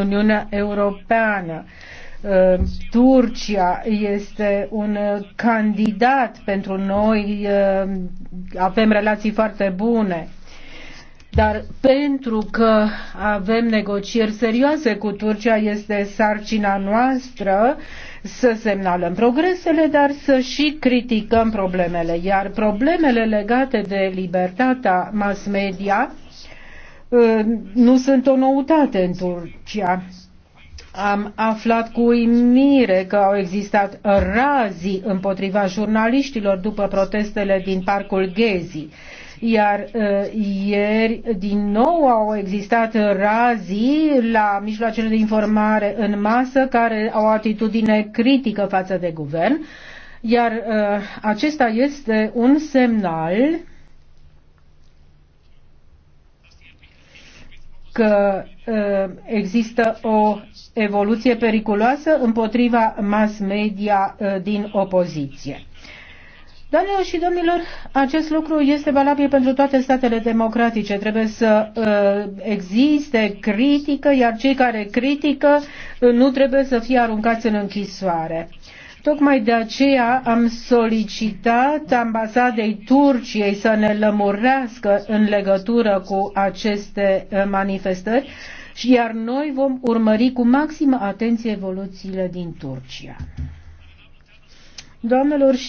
Uniunea Europeană. Uh, Turcia este un candidat pentru noi, uh, avem relații foarte bune. Dar pentru că avem negocieri serioase cu Turcia, este sarcina noastră să semnalăm progresele, dar să și criticăm problemele. Iar problemele legate de libertatea mass media Ă, nu sunt o noutate în Turcia. Am aflat cu uimire că au existat razii împotriva jurnaliștilor după protestele din Parcul Gezi. Iar ă, ieri din nou au existat razii la mijloacele de informare în masă care au o atitudine critică față de guvern. Iar ă, acesta este un semnal că ă, există o evoluție periculoasă împotriva mass media ă, din opoziție. Doamnelor și domnilor, acest lucru este valabil pentru toate statele democratice. Trebuie să uh, existe critică, iar cei care critică uh, nu trebuie să fie aruncați în închisoare. Tocmai de aceea am solicitat ambasadei Turciei să ne lămurească în legătură cu aceste eh, manifestări, și iar noi vom urmări cu maximă atenție evoluțiile din Turcia. Doamnelor